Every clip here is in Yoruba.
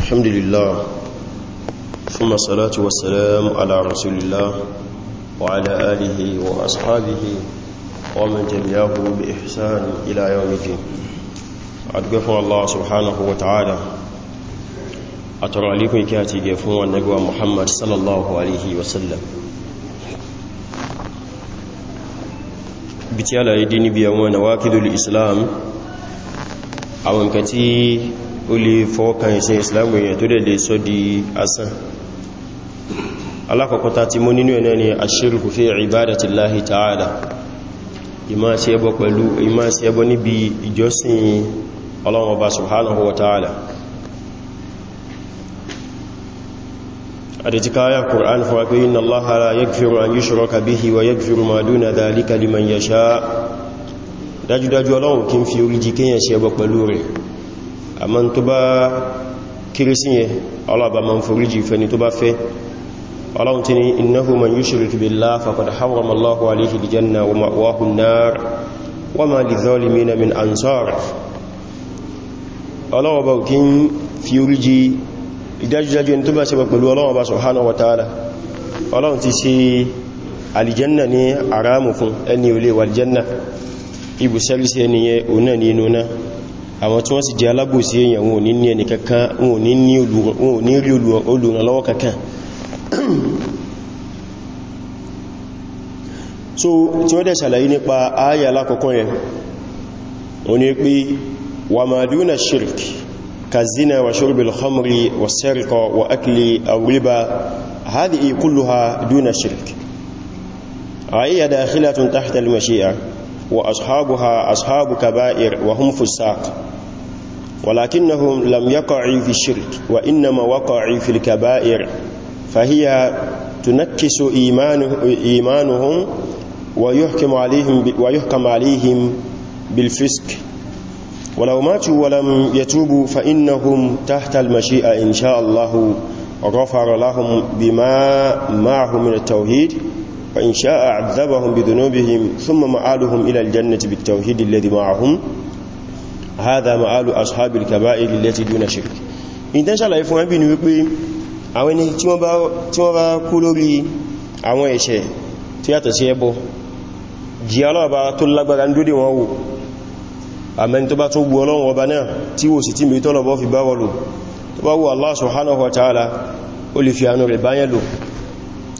الحمد لله ثم الصلاة والسلام على رسول الله وعلى آله وأصحابه ومن تبعه بإحسان إلى يوم الدين أتقفوا الله سبحانه وتعالى أترى عليكم كاتي قفوا النقوى محمد صلى الله عليه وسلم بتيالا يديني بيوان واكد الإسلام àwọn nǹkan tí ó lè fọ́ọ̀kan ìṣẹ́ ìsìláàmù èèyàn tó dẹ̀ lè sọ di asán alákọ̀ọ́kọ́ta ti mọ́ nínú ẹ̀nà ni aṣírùkú fi ìbádàtìláhì ta'ala ìmá sí ẹbọ pẹ̀lú ìmá sí ẹbọ níbi ìjọsìn Ọlọ́run Ọba subhanahu káyà Kùrán fún wa pé inna Allaha la yaghfiru wa yaghfiru ma duna dhalika liman yasha' dájúdájú ọlọ́run kí n fi orí jí kíyàn ṣe ẹbọ pẹ̀lú rẹ̀ àmọ́ tó bá kiri sí yẹn ọlọ́ba ma ń forí jí fẹ́ni tó bá fẹ́ ọlọ́run ti ní innahu man yushrik billahi faqad harrama Allahu alayhi al-janna ma lidh-dhalimina min ansar ọlọ́ọ̀bá kí ń fi orí jí ìdájúdájú ibùsẹ́lì sí ẹniyẹ òun náà ní inú náà àwọn tí wọ́n sì jẹ́ alábòsí èèyàn wọn ò ní ní ẹni kankan wọn ò ní rí olùrànlọ́wọ́ kankan so tí wọ́n dẹ̀ ṣàlàyé nípa ayà alákọ̀ọ́kọ́ yẹn o ní pé wà máa dúnà shirk ka zina wa shurbil khamri wa sariqa wa akli aw riba kulluha duna shirk ayya dakhilatun tahta al-mashi'a وأصحابها أصحاب كبائر وهم فساق ولكنهم لم يقعوا في الشرك وإنما وقعوا في الكبائر فهي تنكس إيمانهم ويحكم عليهم, ويحكم عليهم بالفسق ولو ماتوا ولم يتوبوا فإنهم تحت المشيئة إن شاء الله غفر لهم بما معه من التوحيد وإن شاء عذبهم بذنوبهم ثم معالهم إلى الجنة بالتوحيد الذي معهم هذا معال أصحاب الكبائر التي دون شرك إن الله يفهم أبي نوكبي àwọn ẹni tí wọ́n bá kú lórí àwọn ẹ̀ṣẹ̀ tí yàtọ̀ sí ẹbọ jí ọlọ́ọ̀bá tó lágbára ń dúdé wọn wò àmẹ́ni tó bá tó wù ọlọ́run ọba náà tí wò sí tí mẹ́ tọ́lọ̀bọ́ fi bá wọlò tó bá wù Allah subhanahu wa ta'ala rẹ̀ báyẹ̀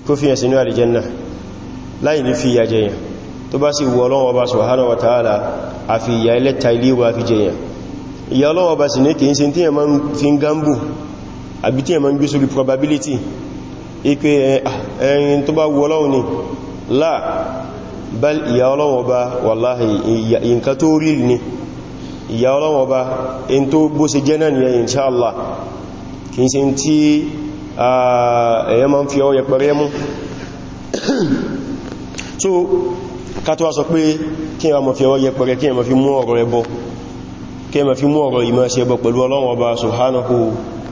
kó fi ẹ̀sìn ní àlìjẹ́nnà láì ní fi ìyà jẹyàn tó bá sì wù Ọlọ́run Ọba subhanahu wa ta'ala a fi ìyà ẹlẹ́ta ilé wa fi jẹyàn ìyà Ọlọ́run Ọba sì ní kìí ṣe tí yẹn ń fi ń gambu àbí tí yẹn ń gbé sórí probability ipé ah, ẹ̀yìn tó bá wù Ọlọ́run ni láà bal ìyà Ọlọ́run Ọba wallahi nǹkan tó rí ni ìyà Ọlọ́run Ọba in tó bó ṣe jẹ́ náà nìyẹn kìí ṣe tí ẹ̀yẹ ah, máa ń fi ọwọ́ yẹpẹrẹ mú so kátọ́wà sọ pé kí ẹ ma fi ọwọ́ yẹpẹrẹ kí ẹ ma fi mú ọ̀rọ̀ ẹbọ kí ẹ ma fi mú ọ̀rọ̀ ìmọ̀ ṣe ẹbọ pẹ̀lú Ọlọ́run Ọba subhanahu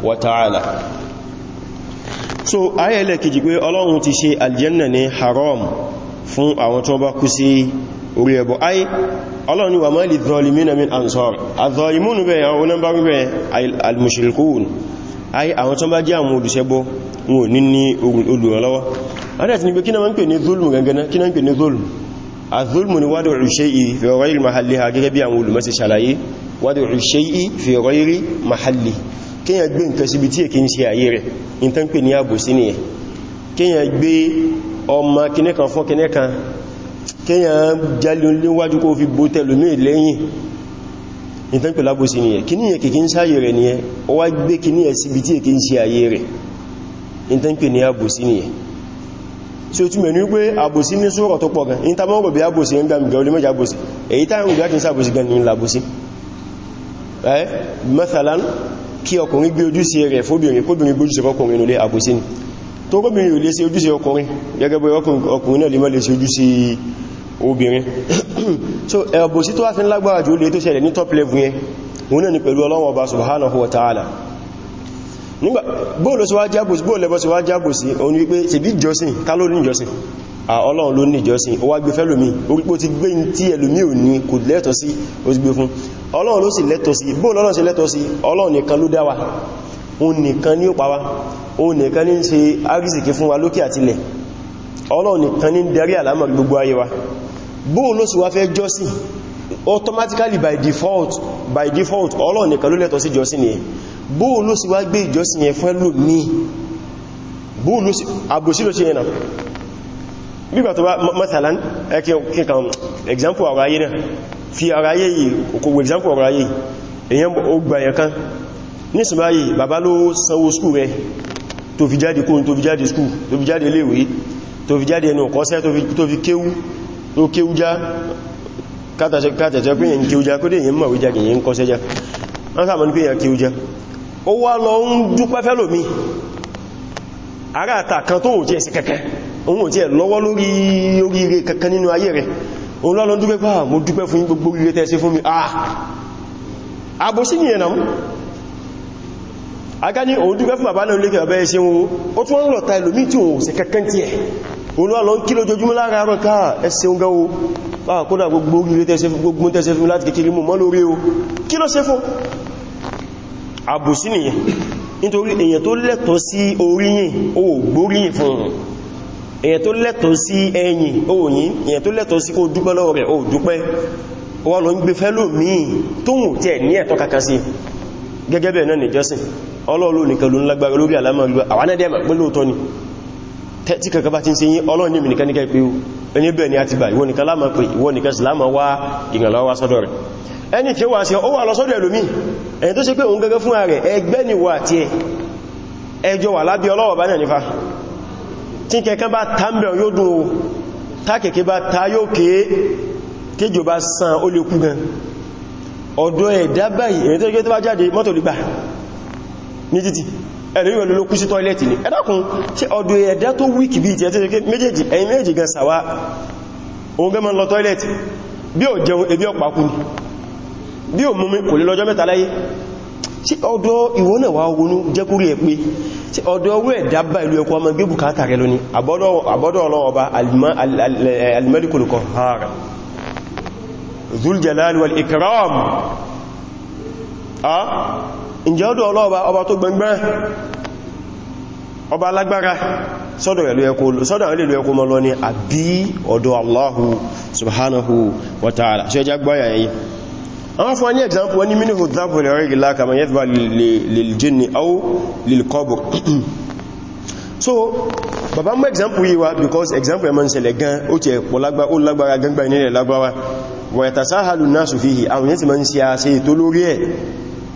wa ta'ala so ayẹ́lẹ̀ kejì pé Ọlọ́run ti ṣe aljanna ní haram fún àwọn tó bá kú sí orí ẹbọ ayé Ọlọ́run ni wà ma li zalimina min ansar ayé àwọn tó bá jẹ́ àwọn olùṣẹbọ wọn ní ní olùrànlọ́wọ́ adẹ́sì ni pé kí náà ń pè ní zulm gangan kí náà ń pè ní zulmù azulmù ni wádò ṣe'i fi ghayri mahalliha gẹ́gẹ́ bí àwọn olùmọ́sí ṣàlàyé wádò ṣe'i fi ghayri mahalli kíyàn gbé nǹkan síbi tí èkí ń ṣe ayé rẹ̀ in tán pè ní àbòsí nìyẹn kíyàn gbé ọmọ ìtàn pẹ̀lú àbòsí ni ẹ̀ kìníyàn kìkí ń sáyè rẹ̀ ni ẹ ó wá gbé kìníyàn síbi tí èkí ń ṣe ayé rẹ̀ ìtàn pẹ̀ ní àbòsí ni ẹ̀ tí ó túnmẹ̀ ní wípé àbòsí ní sọ́rọ̀ tó pọ̀ gan ní tàbí ọgbọ̀ bí àbòsí ń gbàmì gan olómẹ́jà àbòsí èyí táwọn ìgbà kí ń sàbòsí gan ní làbòsí ẹ́ mẹ́tàlán kí ọkùnrin gbé ojúṣe rẹ̀ fóbìnrin kóbìnrin náà lè má lè ṣe ojúṣe obìnrin so ẹ̀bọ̀ sí tó wá fi ń lágbára jù ó lè tó ṣẹlẹ̀ ní top level yẹn wọn náà ni pẹ̀lú Ọlọ́run Ọba subhanahu wa ta'ala nígbà bóòlù sí wá jábòsí bóòlù ẹbọ sí wá jábòsí òun wípé tí bí jọsìn ká ló ní jọsìn Ọlọ́run ló ní jọsìn ó wá gbé fẹ́lòmí orípò ti gbé tí ẹlòmí ò ní kò lẹ́tọ̀ sí ó ti gbé fún Ọlọ́run ló sì lẹ́tọ̀ sí bóòlù Ọlọ́run sì lẹ́tọ̀ sí Ọlọ́run nìkan ló dá wa òun nìkan ní ó pa wa òun nìkan ní ṣe árísìkí fún wa lókè àtilẹ̀ Ọlọ́run nìkan ní darí àlámọ̀ gbogbo ayé wa bóò ló sì wá fẹ́ jọ́sìn automatically by default by default Ọlọ́run nìkan ló lẹ́tọ̀ sí jọ́sìn yẹn bóò ló sì wá gbé ìjọ́sìn yẹn fún ẹlòmí bóò ló sì àbòsí ló sí yẹn náà tó bá mọ́tàlán ẹkẹ́ kan example ọ̀rọ̀ ayé fi ọ̀rọ̀ ayé yìí example ọ̀rọ̀ ayé èyàn kan nísìnbáyìí bàbá ló sanwó skúù rẹ tó fi jáde kóhun tó fi jáde skúù tó fi jáde léèwé ẹnu ọ̀kọ́sẹ́ tó ó kéwú já kátàṣẹ́ pé èyàn kéwú já kó dé èyàn mọ̀ wíjá kìí ń kọ́sẹ́ já wọ́n sàmọ́ ní pé èyàn kéwú já ó wá lọ ń dúpẹ́ fẹ́lò mi ara àtàkan tó ò tí ẹ̀ sí kẹ́kẹ́ òun ndu tí ẹ̀ lọ́wọ́ lórí oríire kankan nínú ayé rẹ̀ òun ah, mo gbogbo olúwa lọ ń kí lójoojúmọ́ láàárọ̀ káà ẹsẹ oúnjẹ o báà kódà gbogbo ilé tẹ́sẹ̀ fún láti kékeré mọ́ lórí o kí ló ṣe àbòsí nìyẹn nítorí èyàn tó lẹ́tọ̀ọ́ sí oríyìn o gbóríyìn fún èyàn tó lẹ́tọ̀ọ́ sí ẹ̀yìn o yìn èyàn tó lẹ́tọ̀ọ́ sí kó o dúpẹ́ wà lọ ń gbé fẹ́lò míì kaka sí gẹ́gẹ́ bẹ̀ẹ̀ náà nìjọsìn ọlọ́ọ̀lọ́ nìkan ló ń lágbára lórí àlámọ̀ àwọn ẹ̀dẹ́mà pẹ́lú tí kankan bá ti ń ṣe yín ọlọ́run ní ìmìnìkan ní kẹ́ẹ̀pẹ́ ẹni bẹ́ẹ̀ ni a ti bá ìwọ nìkan láàmà pé ìwọ nìkan sì láàmà wá ìrànlọ́wọ́ sọ́dọ̀ rẹ̀ ẹni tí ó wà sí ó wà lọ sọ́dọ̀ ẹlòmí ẹni tó ṣe pé òun gẹ́gẹ́ fún ààrẹ ẹgbẹ́ ni wà tí ẹ ẹjọ́ wà lábí ọlọ́wọ̀ bá ẹ̀lú ìwọ̀n ló kú sí tọ́ilẹ̀tì ní ẹ̀dàkùn tí ọdún ẹ̀dá tó wíkì bí ti ẹ̀tẹ́ méjèèjì ẹ̀yìn méjèèjì gan sàwá òun gẹ́mọ́ lọ tọ́ilẹ̀tì bí ò jẹun ebi ọ̀pá kú ni bí ò múmi kò lè lọ́jọ́ mẹ́ta láyé tí ọdọ́ ìwọ náà wá ogunú jẹ́kúrí ẹ̀ pé tí ọdọ́ ọwọ́ ẹ̀dá bá ìlú ẹkọ ọmọ gbégù káàtà rẹ lóní àbọ́dọ̀ ọlọ́ọba alimẹ́ríkòlùkọ̀ hàrà zuljalal wal ikram ah? ǹjẹ́ ọdọ̀ ọlọ́ọba ọba tó gbẹngbẹ́ ọba alágbára sọ́dọ̀ àwọn ilé ẹkùn lọ ní àbí ọ̀dọ̀ Allahu subhanahu wa ta'ala ṣe ẹjá gbáyà yìí àwọn fún ní example wani mini hudafu lè rí ìlà kama yẹ́ bá liljini au lilkọbù so bàbá mú example yìí wá because example ẹmọ́ ìṣẹ̀lẹ̀ gan ó ti ẹ̀pọ̀ lágbára gangbà nílẹ̀ lágbára wọ̀yẹ̀ta sáhàlù náà sùfihì àwọn yẹ́ ti mọ́ ń ṣe àṣẹ ètò lórí ẹ̀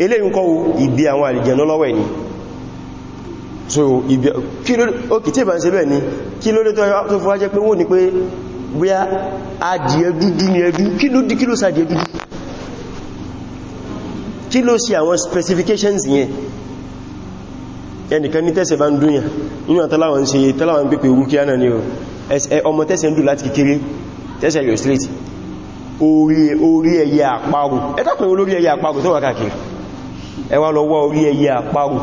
eléyìn kọ́ ibi àwọn àlìjẹ̀nà lọ́wọ́ ẹni so ibi kí ló ok tí ìbá ń ṣe bẹ́ẹ̀ ni kí ló lé tó fún ajẹ́ pé wó ní pé bóyá adìẹ dúdú ni ẹdú kí ló dí kí ló sàdìẹ dúdú kí ló sí àwọn specifications yẹn ẹnìkan ní tẹ́sẹ̀ bá ń dúnyà inú àtàláwọn ṣe tàláwọn pípẹ̀ orúkíá náà ni ọmọ tẹ́sẹ̀ ń dù láti kékeré tẹ́sẹ̀ yóò straight orí ẹyẹ àparò ẹ́tàpẹ̀ olórí ẹyẹ àparò tó wà káàkiri ẹ wá lọ wá orí ẹyẹ àparò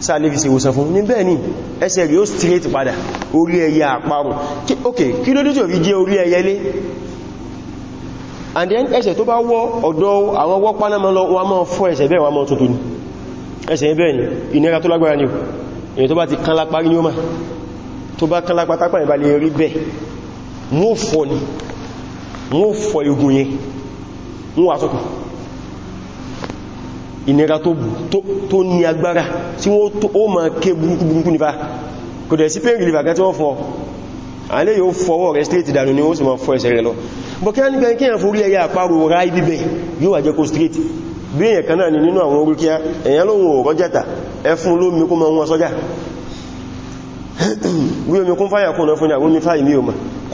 sáà lè ìwòsàn fún ní ni ẹsẹ̀ rí ó straight padà orí ẹyẹ àparò ok kí ló dé tí ò rí jẹ́ orí ẹyẹ lé and then ẹsẹ̀ tó bá wọ́ ọ̀dọ́ àwọn wọ́ panama lọ wọ́n máa fọ́ ẹsẹ̀ bẹ́ẹ̀ wọ́n máa tuntun ni ẹsẹ̀ bẹ́ẹ̀ ni ìnira tó lágbára ni èyí tó bá ti kánlá parí ní ó máa tó bá kánlá pátápá ìbá lè rí bẹ́ẹ̀ ìnira tó ní agbára tí wọ́n ó ma ké burúkú burúkú nípa kò dẹ̀ sí pain reliever gẹ́tí wọ́n fọ́ alẹ́ yóò fọwọ́ rẹ̀ straight dànù ni ó sì ma fọ́ ẹsẹ̀ rẹ̀ lọ bọ̀ kí a ní kí èyàn forí ẹyà àparò ra ibi bẹ̀ yóò wà jẹ́ kó straight bí èyàn kan náà ni nínú àwọn orúkíá èyàn lóhun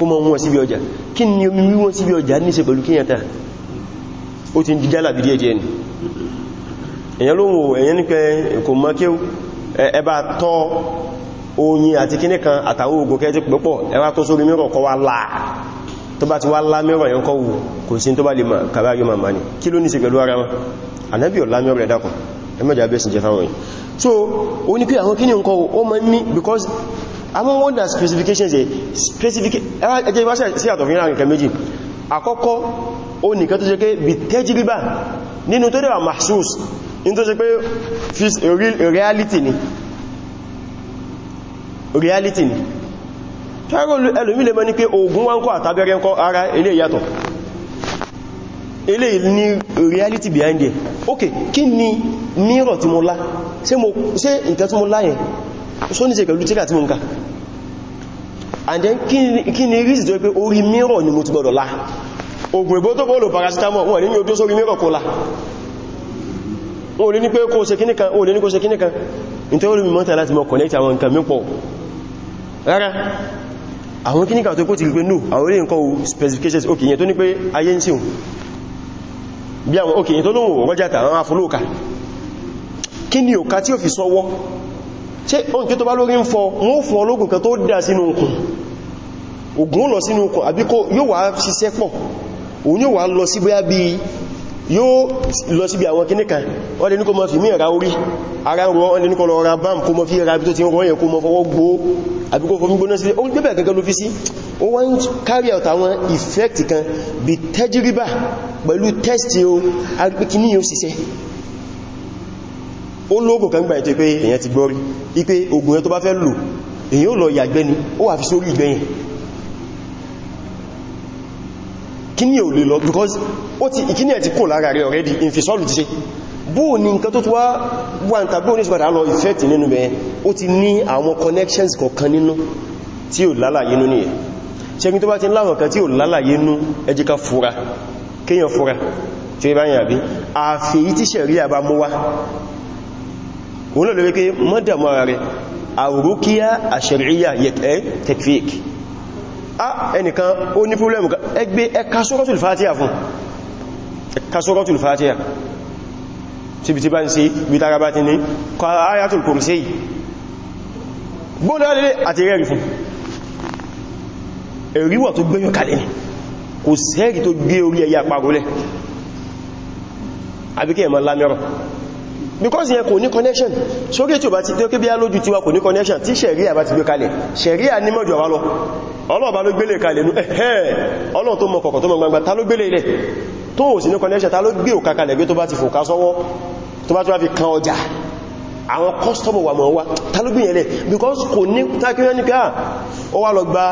ò ni omi wíwọ́n síbi ọjà ní ṣe èyàn ló ń èyàn ní pé kò mọ́ kí ẹba tọ́ oyin àti kíní kan àtàwọn ogun kẹ́ ti ẹwà kó sórí mẹ́rọ̀ kọ́ wá láà tó bá ti wá lá mẹ́rọ̀ yẹn kọ́ wù kò sí tó bá lè kàbáyọ màmá ní so ó ní pé àwọn kíní nǹkan ó mọ́ ní because àwọn wọ́n dá specifications ẹ̀ specification ẹjẹ́ ìwáṣẹ́ sí àtọ̀fin láàrin kẹ méjì àkọ́kọ́ ó nìkan tó jẹ́ pé bí tẹ́jìríbà nínú tó dẹ̀wà mahsus in tó ṣe pé reality ni reality ni ṣẹ́rọ ẹlòmí lè mọ́ ní pé oògùn wá ń kọ́ àtàbẹ̀rẹ̀ ń kọ́ ara ilé ìyàtọ̀ ilé ní reality behind it ok kí ni mírọ̀ tí mo lá ṣe nǹkan tí mo lá yẹn ṣó ní ṣe pẹ̀lú tíkà tí mo ń ka and then kí ni reason tó pé orí mírọ̀ ni mo ti gbọ́dọ̀ lá oògùn ìbótókòólò paracetamol wọ́n ní ojú sórí mírọ̀ kó lá o lè ní pé kó ṣe kíníkan o lè ní kó ṣe kíníkan nítorí mímọ́ta láti mọ́ connect àwọn nǹkan mípọ̀ rárá àwọn kíníkan tó kó ti rí pé no àwọn olè nǹkan specifications ok yẹn tó ní pé ayé ń síun bí àwọn ok yẹn tó lóhun rọ́jàtà àwọn afúlóòkà kí ni òka tí ò fi sọ́wọ́ ṣe oúnjẹ tó yóò lọ síbi àwọn kinní kan wọ́n lè ní kó mọ́ fi mí ra orí ara rọ wọ́n lè ní kó lọ ra bam kó mọ́ fi ra bí tó ti rọ yẹn kó mọ́ fọwọ́ gbó àbí kó fọmí gbóná sílé ó gbẹ́bẹ̀ gẹ́gẹ́ ló fi sí ó wá ń carry out àwọn effect kan bí tẹ́jíríbà pẹ̀lú test kíní ò lè lọ because ó ti ìkíní ẹ̀ ti kò lára rẹ̀ already infisọ́lù ti ṣe bó ní nǹkan tó tó wá wà ń tàbí oníṣùgbàdà lọ ìfẹ́ẹ̀tì nínú bẹ̀yẹn ó ti ní àwọn connections kọ̀ọ̀kan nínú tí ò lálàyé nú nìyẹn ṣẹ́gun tó bá ti láwọn kan tí ò lálàyé nú ẹ jẹ́ ká fura kéèyàn fura tí ó bá yìn àbí àfèyí tí ṣẹ̀rí àbá mú wá òun lọ lórí pé mọ́dàmọ́ ara rẹ̀ àrókíyà àṣẹ̀ríyà yẹ̀kẹ́ tẹ̀kfíkì Ah, ẹnìkan ó ní problem ẹgbẹ́ ẹka suratul fatiha fún ẹka suratul fatiha tí bí ti bá ń ṣe bí tára bá ti ní kọ ayatul kursi gbóná lè àti rẹ̀rì fún ẹ̀ríwà tó gbẹ́yàn kalẹ̀ ni kò sẹ́rì tó gbé orí ẹ̀yà pàrólẹ̀ àbíkẹ́ ẹ̀mọ́ lámẹ́rọ̀ because yẹn kò ní connection sókè tí ó bá ti tó kébí alójú tiwa kò ní connection tí sẹ̀ríà bá ti gbé kalẹ̀ sẹ̀ríà ní mọ́jọ̀ wá lọ ọlọ́ọ̀bá ló gbélé kalẹ̀ nú ẹ̀hẹ́ ọlọ́ọ̀ tó mọ kọ̀kọ̀ tó mọ gbangba ta ló gbélé connection ta ló gbé òkà kalẹ̀ gbé tó bá ti fòká sọ́wọ́ tó bá tó bá fi kan ọjà àwọn customer wà mọ̀ because kò ní tákíyàn ní pé à ah, ó wá lọ gba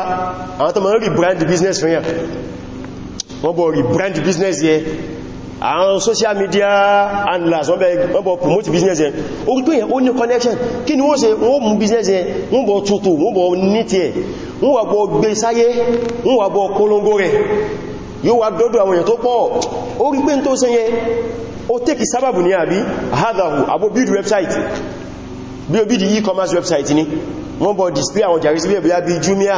àwọn tó mọ̀ rí brand business fẹ́yàn wọ́n bọ̀ rí brand business yẹ àwọn social media and handlers wọ́n bẹ̀ promote business ẹ̀ orí yẹn ó ní connection kí ni wọ́n ṣe wọ́n mú business ẹ̀ wọ́n bọ̀ tuntun wọ́n bọ̀ ní ti ẹ̀ wọ́n wà bọ̀ gbé sáyé wọ́n wà bọ̀ polongo rẹ̀ yóò wà dọ́dọ̀ àwọn èèyàn tó pọ̀ orí abo build website bí build e-commerce website ni wọ́n display àwọn jàrí sí bí Jumia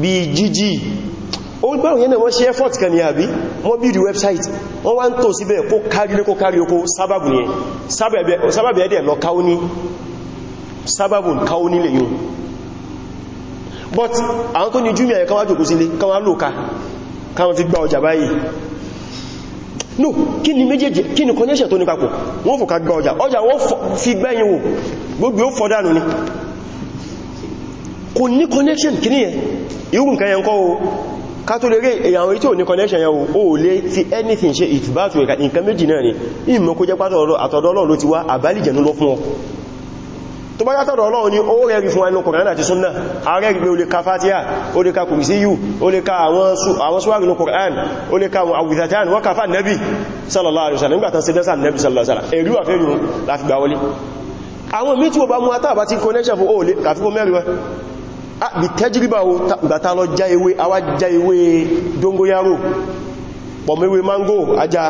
bí Jiji orí pé òyìn náà wọ́n ṣe wọ́n build website wọ́n wá ń tò síbẹ̀ kó kárí kó kárí oko sábàbù yẹn sábàbù ẹ̀dẹ̀ lọ káó ní sábàbù káó nílé yìí but àwọn tó ní júmìà yẹn káwàá jòkó sílé káwàá lòká káwọn fi gba ọjà connection tó ní papọ̀ wọ́n fò ká gba ọjà ọjà wọ́n fi gbẹ́yìn ni kò connection kí ni yẹn ká tó lè rí èyàn orí tí ò ní connection yẹn o lè ti anything ṣe ìtìbátò ẹ̀ka nǹkan méjì náà ni ìmọ̀ kó jẹ́ pátọ̀ àtọ̀dọ̀ Ọlọ́run ló ti wá àbálìjẹ̀nú lọ fún ọ tó bá yàtọ̀dọ̀ Ọlọ́run ni ó rẹ̀ rí fún ẹnu Kùránì àti súnnà ààrẹ rí pé o lè ka sallallahu alaihi wasallam nígbàtàn sídẹ́sà nẹ́bì sallallahu alaihi wasallam èrí wà fẹ́ yìí láti gbà wọlé Ah, bí tẹ́jìríbà wo gbàtà lọ já ewé awá já ewé dóngóyárò pọ̀mẹ́wé mango ajá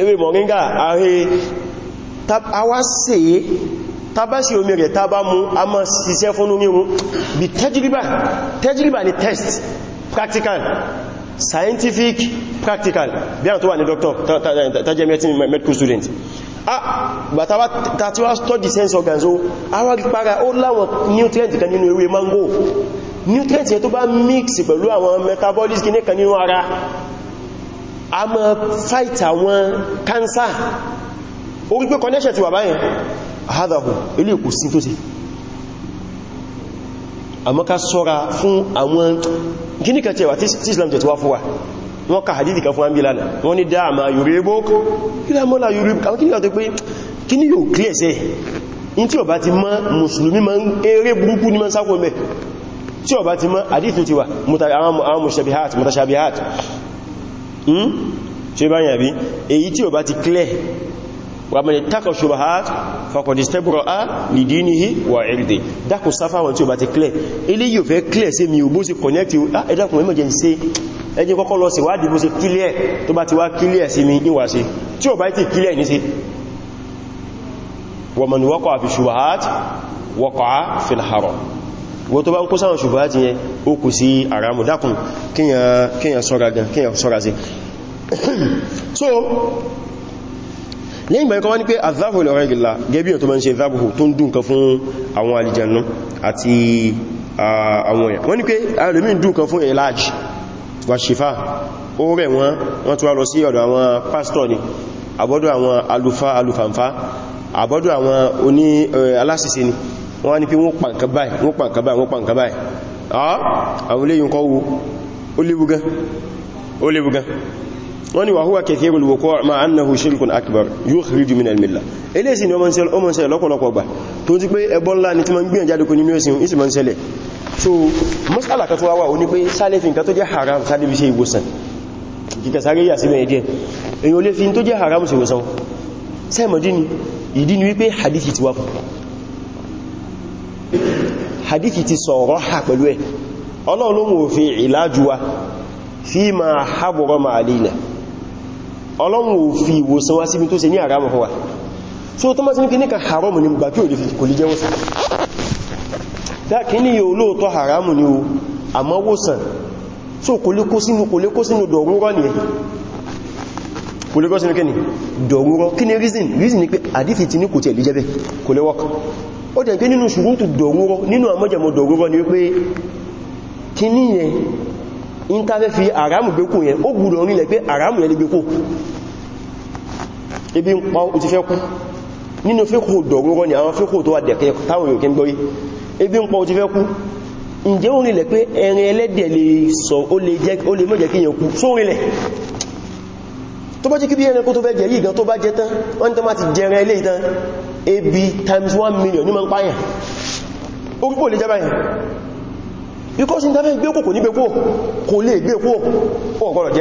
ewé mọ̀ríngà ààrẹ awá sí tàbásí omi rẹ̀ tàbá mú a mọ́ síṣẹ́ fún onírun bí tẹ́jìríbà tẹ́jìríbà ni test practical scientific practical bí àwọn tó wà ní doctor tàjẹ́ medical student Ah, bàtàwà tàti wá study sense organs o àwọn ìpara ó láwọn nutrient kan nínú ewé mango nutrient yẹn tó bá mix pẹ̀lú àwọn metabolic kìnnì kan nínú ara a fight àwọn cancer orí pé connection ti wà báyẹn àhádàhùn ilé ìkù sí tó sí àmọ́ ká sọ́ra fún àwọn gíníkà tí ẹwà tí Islam jẹ̀ tó wá fún wọ́n ka hadithi kan fún àmì ìlànà wọ́n ní dáàmà yorùbá kílá mọ́lá yorùbá kí ni yàtọ̀ pé kí ni yóò clear sẹ́ in tí ó ti mọ́ mùsùlùmí ma ń eré burúkú ní ma ń sákò mẹ́ tí ó bá ti mọ́ hadithi ti wà àwọn mùsàbíhàt mùtàṣàbíhàt ṣe bá yàbí èyí tí ó bá ti wa mani taka shubahat wa irdi dákùn sáfà wọn tí ó bá ti clear ilé yóò fẹ́ ẹjẹ́ kọ́kọ́ lọ sí wádìí bó ṣe kílẹ̀ tó bá ti wá kílẹ̀ sí mi níwà sí tí ò bá ti kílẹ̀ ní sí waman waqa fi ṣubahat waqa fil haram wọ́n tó bá ń kó sáwọn ṣubahat yẹn ó kù sí àrámù dákùn so lẹ́yìn ìgbà ikọ́ wá ní pé azáhù lọ́rọ̀ ìgbìlá gẹ́bí ọ̀tọ́ ma ń ṣe zábùhù tó ń dùn kan fún àwọn àlìjànú àti àwọn èèyàn wọ́n wà ṣífà ó rẹ̀ wọ́n wọ́n tún wá lọ sí ọ̀dọ̀ àwọn pásítọ̀ ni àbọ́dọ̀ àwọn alufa alufanfa àbọ́dọ̀ àwọn oní alásìsẹ́ ni wọ́n ní pé wọ́n pàǹkan báyìí wọ́n pàǹkan báyìí wọ́n pàǹkan báyìí àwọn ilé yìí kọ́ wo ó léwu gan ó léwu gan wọ́n ni wàhúwà kẹfẹ́ olùwòkó ma annahu shirkun akbar yóò ríjú min almilla eléyìí ni ọmọ ìṣẹ̀lẹ̀ lọ́pọ̀lọpọ̀ gbà tó ti pé ẹbọ́nlá ni tí ma ń gbìyànjáde kò ní mẹ́sìn ìsìmọ̀ ìṣẹ̀lẹ̀ so masala kan tó wá wà ó ní pé sálẹ̀ fi nǹkan tó jẹ́ haram sálẹ̀ fi ṣe ìwòsàn kíkà sáré yà síbẹ̀ díẹ̀ èyàn olè fi tó jẹ́ haram se ìwòsàn sẹ́mọ̀dí ni ìdí ni wípé hadithi ti wá fún hadithi ti sọ̀rọ̀ ha pẹ̀lú ẹ̀ ọlọ́run òfin ìlàjú wa fi ma hábọ̀rọ̀ ma àlìlà ọlọ́run òfin ìwòsàn wa síbi tó ṣe ní haram fún wa so tó má sí ní kí ní ka haram ní gbà kí ò lè fi kò lè jẹ́ wọ́sàn kíní yóò lóòtọ́ haramu ni o àmọ́ wòsàn so kò lè kó sínú kò lè kó sínú dọ̀rúnrọ́ ni kò lè kó sínú kíní dọ̀rúnrọ́ kíní reason reason ni pé àdífì ti ní kò tẹ̀lé jẹ́bẹ̀ kò lè wọ́k ó jẹ́ pé nínú ṣùgbọ́tù dọ̀rúnrọ́ nínú àmọ́jẹ̀mọ́ dọ̀rúnrọ́ ni pé kíní yẹn in ta fẹ́ fi haramu gbé kò yẹn pa ó ti fẹ́ kú nínú fíkò dọ̀rúnrọ́ ni àwọn fíkò tó wà dẹ̀kẹ́ táwọn yòókẹ́ gbọ́rí ebi ń pọ̀ ti fẹ́ kú ǹjẹ́ ó rìnlẹ̀ pé ẹ̀rin ẹlẹ́dẹ̀ lè sọ ó lè jẹ́ ó lè mọ́jẹ́ kí kú só tó bá jẹ́ kí bí ẹran kó tó fẹ́ jẹ yìí gan tó bá jẹ tán wọ́n times 1 million ní ma ń páyàn orípò lè jẹba yìí because in tafẹ́ gbékò kò ní gbékò kò lè gbékò ó ọ̀gọ́rọ̀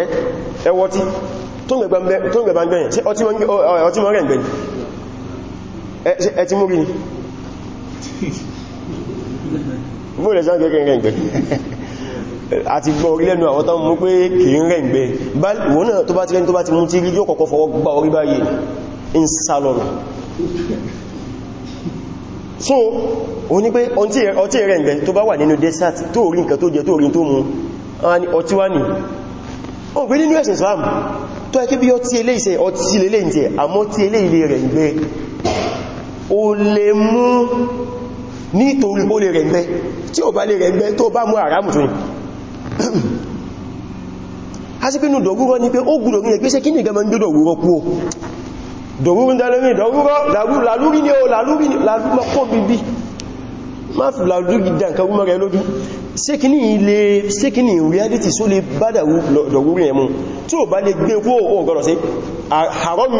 jẹ́ bó lè sáàkì kí rẹ̀ǹgbẹ́ àti gbọ́ orí lẹ́nu àwọn tán mú pé kì í rẹ̀ǹgbẹ́ wọ́n náà tó bá ti rẹ́ni tó bá ti mú tí rí yóò kọ́kọ́ fọwọ́ gbá orí báyìí o ní pé ọtí rẹ̀ǹgbẹ́ tó bá wà nínú desert tó rí nǹkan tó jẹ tó rí o gbé nínú ẹ̀sìn Islam tó ẹkẹ́ bí ọtí ilé ìṣẹ́ ọtí ilé ìjẹ àmọ́ tí ilé ilé rẹ̀ǹgbẹ́ o lè mú nítorí ó lè rẹ̀gbẹ́ tí ó bá lè rẹ̀gbẹ́ tó bá mú àrámù tó ní hasipinu dọ̀gúrọ́ ní pé ó gbùdọ̀ ní ẹgbẹ́sẹ̀ kí ní gẹ́mọ́ ń gbé dọ̀gúrọ́ kú o dọ̀gúrú dẹ́lẹ́mì dọ̀gúrọ́ lálúrí ní o lálúrí lálúmọ́kọ́ bíbí má fi lálúrí dá nǹkan gúnmọ́ rẹ lójú sékíní ilé sékíní reality só lè bádà dọ̀gúrú ẹ̀mú tí ó bá lè gbé kú o gọ́rọ̀ sí àrọ́mì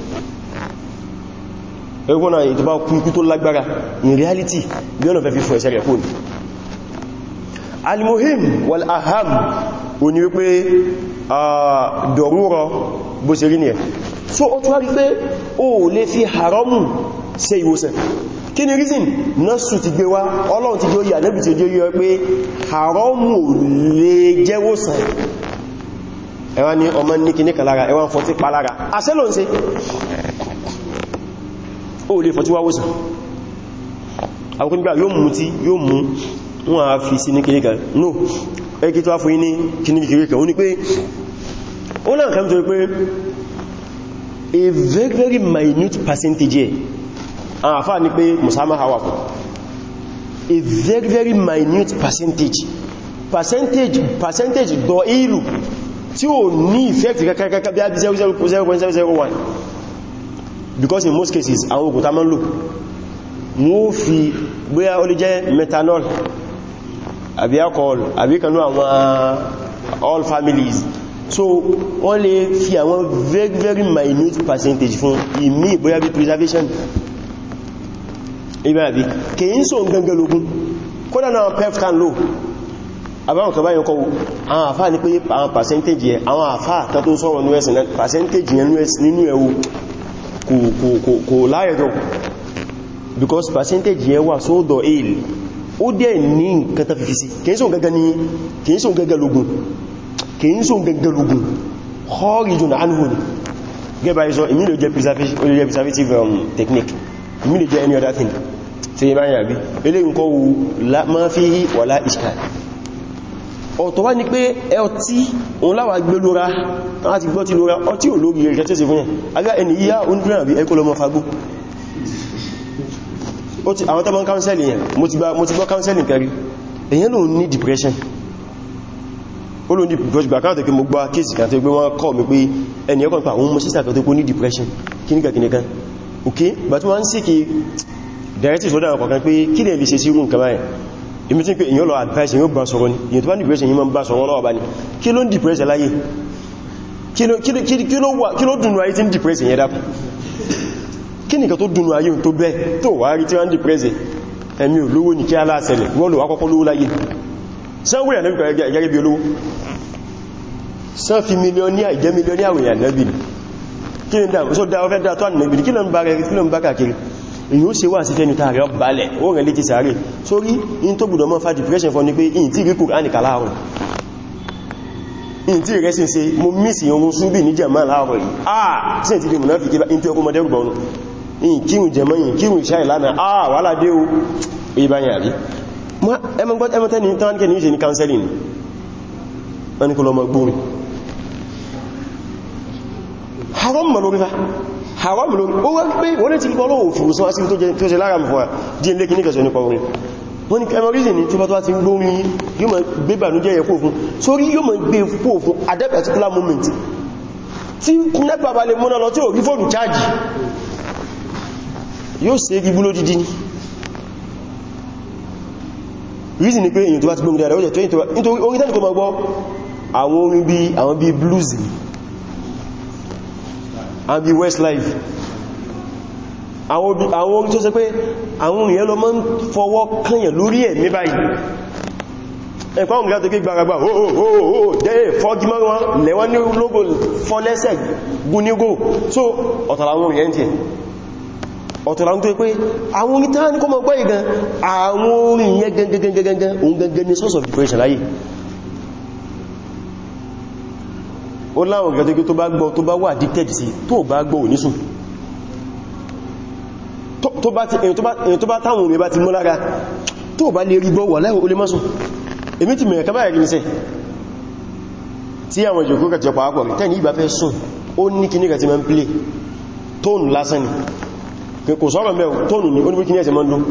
ẹgbọ́n náà ìtọba kúrukú tó lágbára in reality bí ọ̀nà fẹ́ fi fún ẹ̀ṣẹ́ rẹ̀ kóòlù almuhim wal aham o ni wípé dọ̀rúrọ bó ṣe rí ní ẹ̀ so ó tún wá rí pé o lè fi haramu ṣe ìwòsàn kí ni reason nọ́sù ti gbé wá ọlọ́run ti gbé ó yà nẹ́bì tí ó jẹ́ yọ pé haramu lè jẹ́wòsàn ẹwà ni ọmọ ní kìníkà lára ẹwà ń ó lè fọ́tí wáwọ́sàn àwọn nígbà yóò mú tí yóò mú wọ́n a fi sí ní kìníkà no ẹkì tó wá fún ní kìníkìníkà ó ní pé ó náà kàmtò pé a very very minute percentage pé a very very minute percentage percentage percentage dọ̀ ìlú tí ó ní effect kàkàkà bí i because in most cases àwọn òkúta mọ́ lò wọ́n fi bóyá ó lè jẹ́ methanol àbí alcohol àbí kanú àwọn all families so wọ́n lè fi àwọn very very minute percentage fún ìmí bóyá bí preservation ibẹ̀ àbí kìí ń so gangan lógún kódà náà pef can low àbáwọn kọba yẹn kọwọ́ àwọn àfáà ní pé àwọn percentage yẹn àwọn àfáà kan tó sọ̀rọ̀ nínú ẹ̀sìn nínú ẹ̀wọ́ kò láyẹ̀dọ̀ because percentage yẹn wà so dọ̀ èlì ó dẹ̀ ní nǹkan tàbí fi sí kìí sóhun gẹ́gẹ́ ní kìí sóhun gẹ́gẹ́ lógún kìí sóhun gẹ́gẹ́ lógún họ́rì jùn anhùn gẹ́bà ìsọ ìmí jẹ́ preservative um, technique ọ̀tọ̀ wá ní pé ọtí òun láwà gbé lóra láti gbọ́ ti lóra ọtí ò lórí rẹ̀ tẹ́sí fún yẹn agá ẹni yíyá oúnjẹ́ àbí ẹkọ́ lọmọ fagbó àwọn tọ́mọ́ kánsẹ́lì yẹn depression ó ló ní gbọ́gbà káàtẹ̀ pé mo gbá kéèsì kan tó gbé depression kíníkàkíníkan ok but wọ́n ń sí kí directive lọ́dọ̀ àwọn kọ̀kan pé kí lè lè ṣe èmi tí pé èyàn lọ advice èyàn bá sọ̀rọ̀ ní èyàn tó bá ní depression yí ma ń bá sọ̀rọ̀ lọ́wọ́ bá ní kí ló ń depression láyé kí ló dùnú ayé tí ń depression yẹ dápù kí nìkan tó dùnú ayé tó bẹ́ tó wà rí tí wọ́n depression ẹ̀mí olówó ní kí aláṣẹlẹ̀ wọ́n lò akọ́kọ́ lówó láyé sanwó ni dáa tó dáa ọfẹ́ dáa tó èyí ó ṣe wà sí tẹnu tààrí ọ̀bálẹ̀ ó rẹ̀ lè ti sàárè sórí in tó gbùdọ̀ mọ́ fa depression fún ni pé in tí rí Kùránì kà láàrùn in tí rẹ̀ sí ṣe mo mísì ohun súnbì ní jẹ̀mọ́ láàrùn yìí ah sí ti di mùnáfi kí in tí ọkọ̀ mọ́dẹ́rù bọ̀nù in kírun jẹ̀mọ́ in kírun ìṣá ìlànà ah wàhálà dé o ìbáyà rí ẹmọ́tẹ́ni tán kẹ́ ní ṣe ní counseling wọn ni kò lọ mọ́ gbórin haram mọ̀ lórí fa haram ló ó wọ́n pé wọ́n ti lọ́lọ́ òfin sọ sí tó ṣe lára mọ̀ díẹ̀ lé kìíní kẹsọ̀ nípa orin wọ́n ni kẹmọ̀rísì tí e at that particular moment tí nẹ́pà bá lè múná lọ tí ò rí fóònù chájì yóò ṣe rí bú lódídí ní rísì ni pé èyàn tó bá ti gbóhun dáadáa ó jẹ́ 20 nítorí orin tẹ́lẹ̀ tó mọ̀ gbọ́ àwọn orin bí àwọn bí blues àwọn bí Westlife àwọn orin tó ṣe pé àwọn èèyàn lọ máa ń fọwọ́ kànyàn lórí ẹ̀ ní báyìí ẹ̀kọ́ àwọn ìgbàtọ̀ gbàgbà ooo dẹ́ fọ́gí mọ́ wọn lẹ́wọ́n ní ológo fọ́lẹ́sẹ̀ gúnígò tó ọ̀tọ̀lá àwọn èèyàn tí ọ̀tọ̀lá tó pé àwọn orin tán ní kọmọ gbọ́ ìgan àwọn orin yẹn gangan gangan gangan òun gangan ní source of depression ó láwọn gẹ̀ẹ́gẹ́ tó bá gbọ́ tó bá wà addicted sí tó bá gbọ́ ò nísùn èyàn tó bá táwọn omi bá ti mọ́ lára tó bá lè rí gbọ́ wà láwọn olè mọ́sùn èmi ti mẹ̀rẹ̀ kábàrẹ̀ gíníṣẹ́ tí àwọn ìjòkó kàtí ọ̀pá àpọ̀ ni kò sọ́rọ̀ mẹ́ tóònù ni ó ní kíní ẹ̀sẹ̀ mọ́ ń dún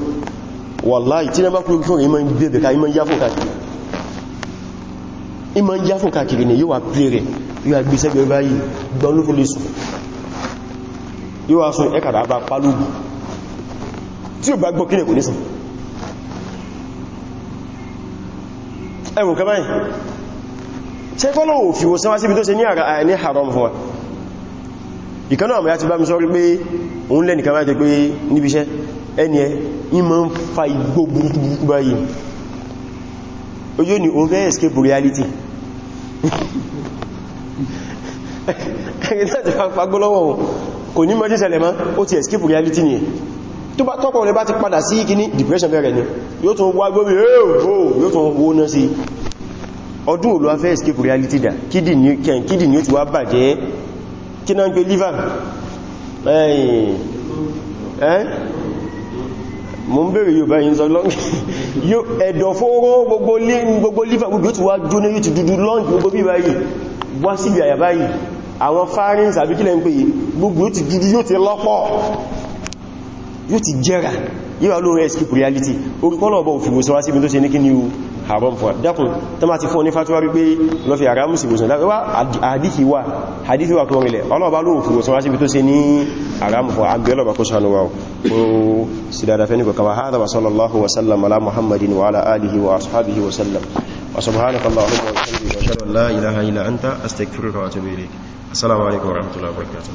wàláì tí lẹ́bá kúrò fún ìmọ̀ bèbè ká fún kàkiri ni yóò wà plé yóò agbésẹ́gbẹ̀ báyìí gbọ́n ló fi lè sùn yóò wá sún ẹkàdà bá pálùgbù tí ò bá gbọ́ kílẹ̀ kò ní sùn ẹwùn kẹbáyìn ṣe fọ́lọ̀ òfin wo sánwá síbi tó ṣe ní àrà àìní haram fún wa ìkaná àmì àti bá mi sọ́rí pé òun lẹ́nì kan láti pé níbi iṣẹ́ ẹni ẹ ìmọ̀ ń fa igbó burúkú báyìí ojú ni o fẹ́ escape reality ẹ̀rìn náà ti máa pàgbó lọ́wọ́ wọn kò ní mọ́jú ṣẹlẹ̀ máa ó ti escape reality ni tó bá tọ́kọ̀ rẹ̀ bá ti padà sí ìkíní depression bẹ̀rẹ̀ ni yóò tún wá gbóbi oh, yóò tún wó náà sí ọdún olúwa fẹ́ escape reality dà kídìní ó ti wá bàjẹ́ kí náà ń pè liver mo ń bèèrè yóò báyìí sọ lọ́nà ẹ̀dọ̀fóró gbogbo liver gbogbo yóò ti wá jóná yóò ti dúdú lọ́nà gbogbo bí báyìí wá síbi àyàbá yìí àwọn farins àbí kílẹ̀ ń pè gbogbo yóò ti gidi yóò ti lọ́pọ̀ yóò ti jẹ́ra yíwa lóòrùn escape reality orí kọ́lọ̀ ọ̀bọ̀ òfìwòsọ́wá síbi tó ṣe ní kí ni o haram fún àdákùn tó má ti fún ní fatuwa wípé lọ fi àrámù sí ìwòsàn dáwẹ́wà àdíkì wà àdíkì wà kọrin lẹ̀ ọlọ́ọ̀bá ló fún ìwòsàn wá síbi tó ṣe ní àrámù fún àgbẹ́lọ́bà kó sánú wa kó sì dáadáa fẹ́ nípa kama hada wa sallallahu wa sallam ala muhammadin wa ala alihi wa ashabihi